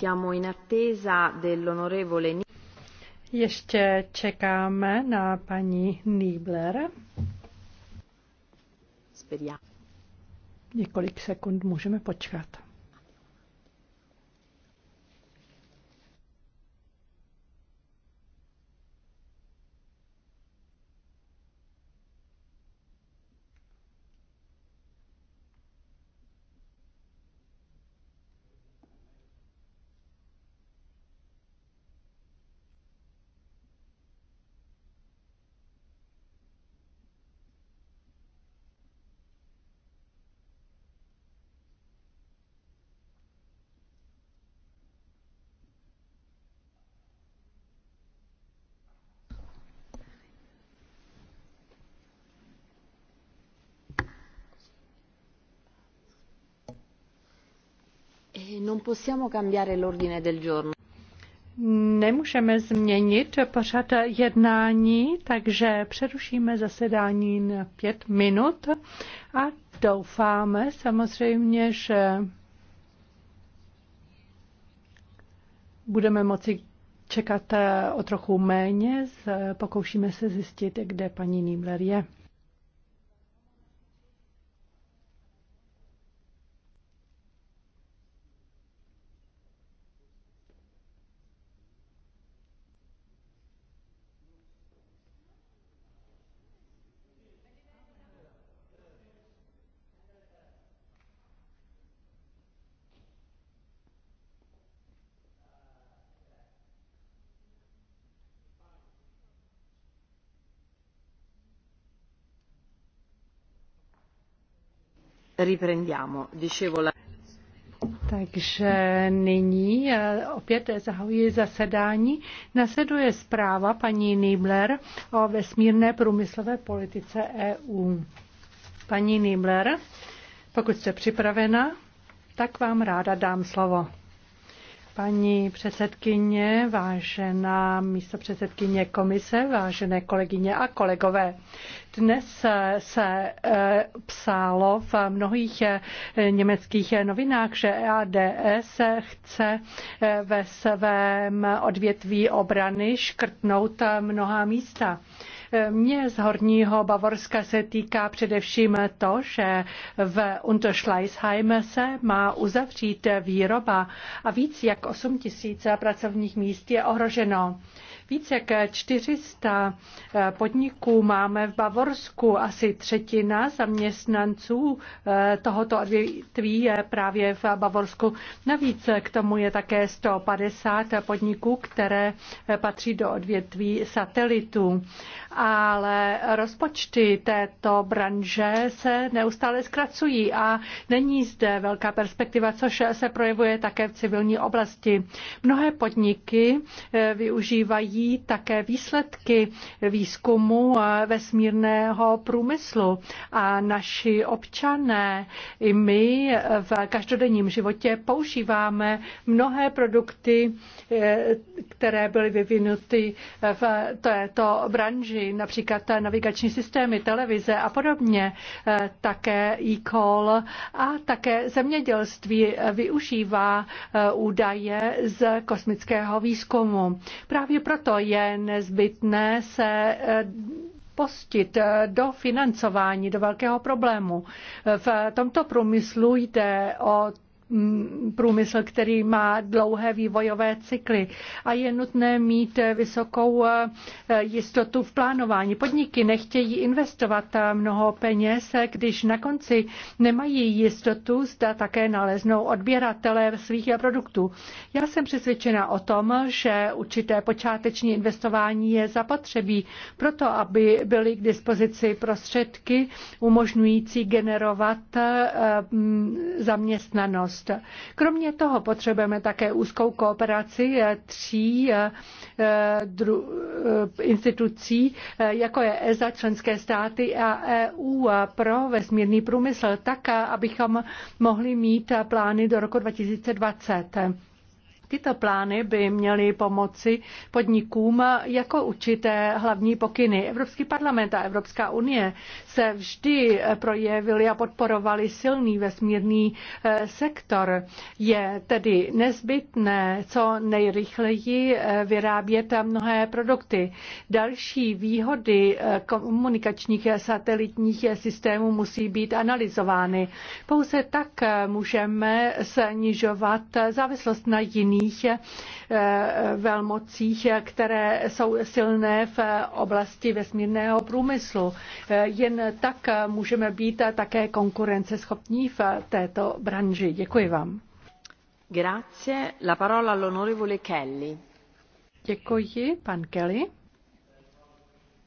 Siamo in attesa dell'onorevole Ještě čekáme na paní Niebler. Několik sekund můžeme počkat. Eh, Nemůžeme změnit pořad jednání, takže přerušíme zasedání na pět minut a doufáme samozřejmě, že budeme moci čekat eh, o trochu méně. Pokoušíme se zjistit, kde paní Nýbler je. Takže nyní eh, opět zahajuji zasedání. Nasleduje zpráva paní Nibler o vesmírné průmyslové politice EU. Paní Nibler, pokud jste připravena, tak vám ráda dám slovo. Paní předsedkyně, vážená místo předsedkyně komise, vážené kolegyně a kolegové, dnes se eh, psálo v mnohých eh, německých novinách, že EADS chce eh, ve svém odvětví obrany škrtnout mnoha místa. Mě z Horního Bavorska se týká především to, že v Unterschleißheim se má uzavřít výroba a víc jak 8 tisíc pracovních míst je ohroženo. Více jak 400 eh, podniků máme v Bavorsku. Asi třetina zaměstnanců eh, tohoto odvětví je právě v Bavorsku. Navíc k tomu je také 150 podniků, které eh, patří do odvětví satelitů. Ale rozpočty této branže se neustále zkracují a není zde velká perspektiva, což se projevuje také v civilní oblasti. Mnohé podniky využívají vidí také výsledky výzkumu vesmírného průmyslu a naši občané i my v každodenním životě používáme mnohé produkty, které byly vyvinuty v této branži, například navigační systémy, televize a podobně, také e-call a také zemědělství využívá údaje z kosmického výzkumu. Právě proto proto je nezbytné se eh, postit eh, do financování, do velkého problému. V tomto průmyslu jde o Mm, průmysl, který má dlouhé vývojové cykly a je nutné mít vysokou eh, jistotu v plánování. Podniky nechtějí investovat eh, mnoho peněz, eh, když na konci nemají jistotu, zda také naleznou odběratele svých produktů. Já jsem přesvědčena o tom, že určité počáteční investování je zapotřebí proto, aby byly k dispozici prostředky umožňující generovat mm, zaměstnanost růst. Kromě toho potřebujeme také úzkou kooperaci eh, tří eh, eh, institucí, jako je ESA, členské státy a EU pro vesmírný průmysl, tak abychom mohli mít plány do roku 2020. Tyto plány by měly pomoci podnikům jako určité hlavní pokyny. Evropský parlament a Evropská unie se vždy projevili a podporovali silný vesmírný eh, sektor. Je tedy nezbytné co nejrychleji eh, vyrábět mnohé produkty. Další výhody eh, komunikačních satelitních systémů musí být analyzovány. Pouze tak můžeme snižovat závislost na jiných jiných eh, velmocích, které jsou silné v oblasti vesmírného průmyslu. Eh, jen tak můžeme být také konkurenceschopní v této branži. Děkuji vám. Grazie. La parola all'onorevole Kelly. Děkuji, pan Kelly.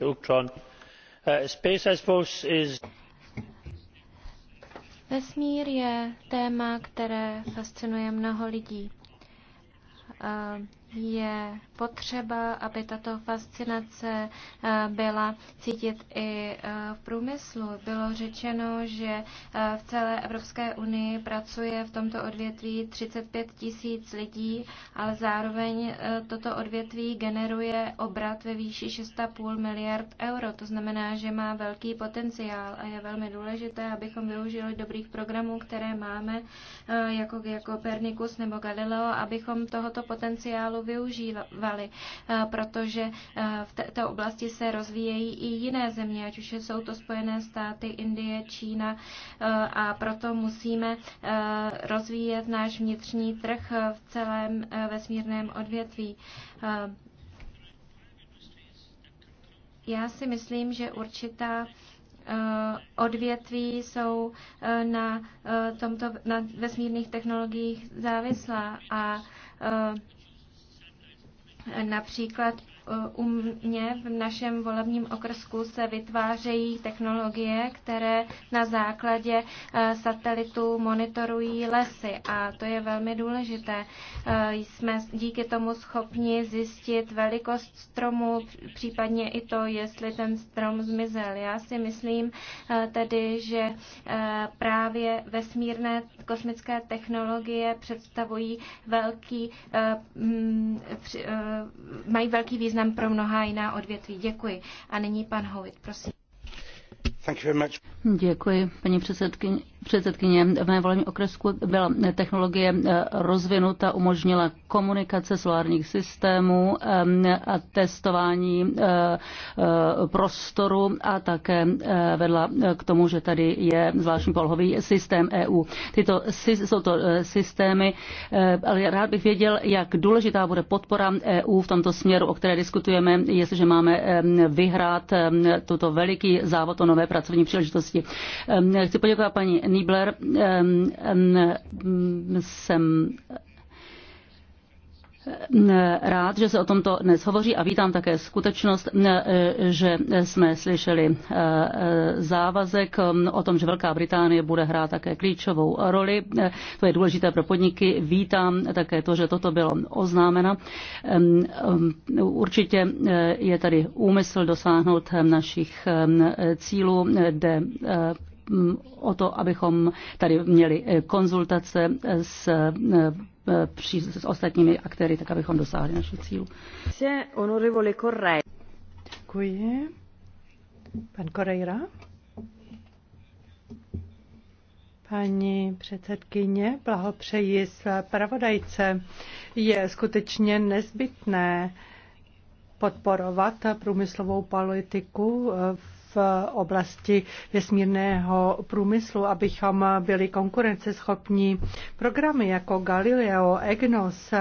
Uh, Vesmír je téma, které fascinuje mnoho lidí a je potřeba, aby tato fascinace eh, byla cítit i eh, v průmyslu. Bylo řečeno, že eh, v celé Evropské unii pracuje v tomto odvětví 35 tisíc lidí, ale zároveň toto odvětví generuje obrat ve výši 6,5 miliard euro. To znamená, že má velký potenciál a je velmi důležité, abychom využili dobrých programů, které máme, jako, jako Copernicus nebo Galileo, abychom tohoto potenciálu využívali, eh, protože eh, v této oblasti se rozvíjejí i jiné země, ať už jsou to Spojené státy, Indie, Čína eh, a proto musíme rozvíjet náš vnitřní trh v celém vesmírném odvětví. Já si myslím, že určitá odvětví jsou na, tomto, na vesmírných technologiích závislá a například u mě v našem volebním okrsku se vytvářejí technologie, které na základě eh, satelitů monitorují lesy a to je velmi důležité. Eh, jsme díky tomu schopni zjistit velikost stromu, případně i to, jestli ten strom zmizel. Já si myslím eh, tedy, že právě vesmírné kosmické technologie představují velký, mm, mají velký význam význam pro mnohá jiná odvětví. Děkuji. A nyní pan Howitt, prosím. Děkuji, paní předsedkyně předsedkyně v mé volení okresku byla technologie eh, rozvinuta, umožnila komunikace solárních systémů eh, a testování eh, prostoru a také vedla k tomu, že tady je zvláštní polhový systém EU. Tyto jsou to systémy, ale rád bych věděl, jak důležitá bude podpora EU v tomto směru, o které diskutujeme, jestliže máme vyhrát tuto veliký závod o nové pracovní příležitosti. Chci poděkovat paní Niebler jsem rád, že se o tomto dnes hovoří a vítám také skutečnost, že jsme slyšeli eh, eh, závazek o tom, že Velká Británie bude hrát také klíčovou roli. Eh, to je důležité pro podniky. Vítám také to, že toto bylo oznámeno. Určitě je tady úmysl dosáhnout našich cílů, jde Mm, o to, abychom tady měli eh, konzultace s, eh, eh, s ostatními aktéry, tak abychom dosáhli našich cílů. Děkuji. Pan Correira. Paní předsedkyně, blahopřeji své pravodajce. Je skutečně nezbytné podporovat průmyslovou politiku v v oblasti vesmírného průmyslu, abychom byli konkurenceschopní. Programy jako Galileo, EGNOS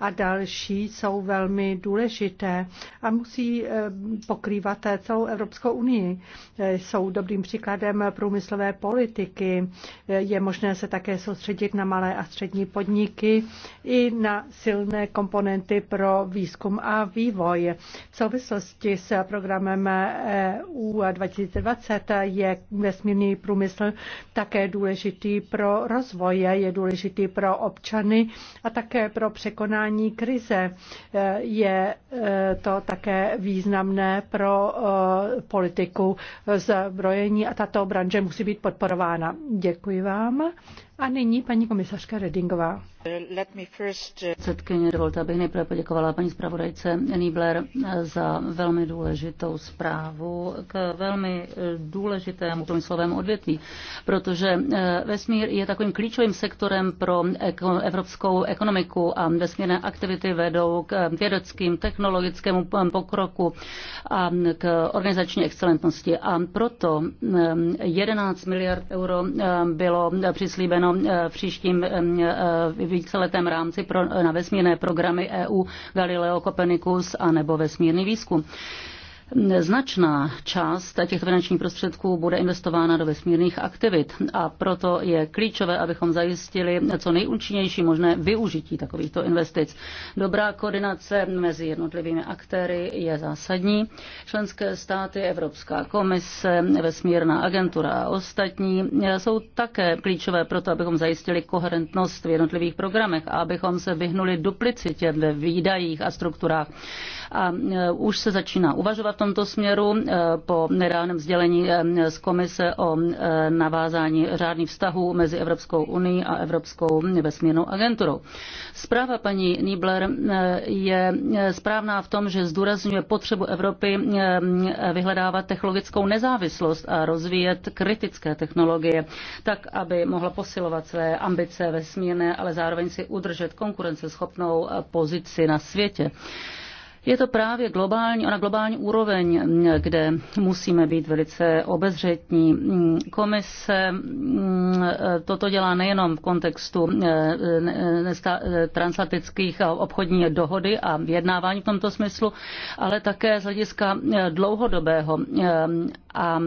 a další jsou velmi důležité a musí eh, pokrývat celou Evropskou unii. Eh, jsou dobrým příkladem průmyslové politiky. Eh, je možné se také soustředit na malé a střední podniky i na silné komponenty pro výzkum a vývoj. V souvislosti s programem EU 2020 je vesmírný průmysl také důležitý pro rozvoj, je důležitý pro občany a také pro překonání krize. Je eh, to také významné pro eh, politiku zbrojení a tato branže musí být podporována. Děkuji vám. A nyní paní komisařka Redingová. Uh, Předkyně, dovolte, abych nejprve poděkovala paní zpravodajce Nibler uh, za velmi důležitou zprávu k velmi uh, důležitému průmyslovému odvětví, protože vesmír je takovým klíčovým sektorem pro evropskou ekonomiku a vesmírné aktivity vedou k vědeckým, technologickému um, pokroku a k organizační excelentnosti. A proto 11 um, miliard euro bylo přislíbeno uvedeno eh, v příštím eh, víceletém rámci pro, na vesmírné programy EU Galileo Copernicus a nebo vesmírný výzkum. Značná část těchto finančních prostředků bude investována do vesmírných aktivit a proto je klíčové, abychom zajistili co nejúčinnější možné využití takovýchto investic. Dobrá koordinace mezi jednotlivými aktéry je zásadní. Členské státy, Evropská komise, vesmírná agentura a ostatní jsou také klíčové proto, abychom zajistili koherentnost v jednotlivých programech a abychom se vyhnuli duplicitě ve výdajích a strukturách. A e, už se začíná uvažovat tomto směru eh, po nedávném sdělení eh, z komise o eh, navázání řádných vztahů mezi Evropskou unii a Evropskou vesmírnou agenturou. Zpráva paní Niebler je správná v tom, že zdůrazňuje potřebu Evropy vyhledávat technologickou nezávislost a rozvíjet kritické technologie, tak aby mohla posilovat své ambice vesmírné, ale zároveň si udržet konkurenceschopnou pozici na světě. Je to právě globální, ona globální úroveň, mm, kde musíme být velice obezřetní. Mm, komise mm, toto dělá nejenom v kontextu eh, eh, eh, transatlantických obchodní dohody a vyjednávání v tomto smyslu, ale také z hlediska dlouhodobého a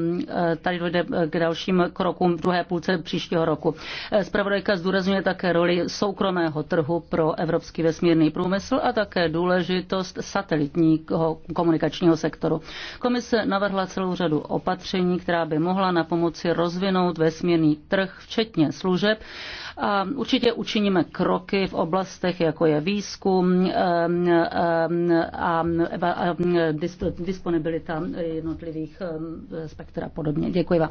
tady dojde k dalším krokům v druhé půlce příštího roku. Spravodajka zdůrazňuje také roli soukromého trhu pro evropský vesmírný průmysl a také důležitost satelitního komunikačního sektoru. Komise navrhla celou řadu opatření, která by mohla na pomoci rozvinout vesmírný trh, včetně služeb. A určitě učiníme kroky v oblastech, jako je výzkum a disponibilita jednotlivých ze spektra a podobně. Děkuji vám.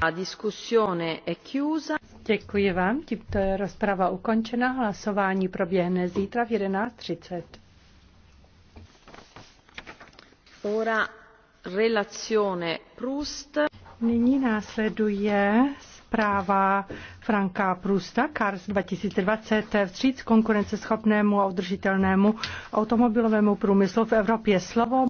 A diskusione è chiusa. Děkuji vám. Tímto je rozprava ukončena. Hlasování proběhne zítra v 11.30. Ora relazione Proust. Nyní následuje zpráva Franka Prusta, CARS 2020, vstříc konkurenceschopnému a udržitelnému automobilovému průmyslu v Evropě. Slovo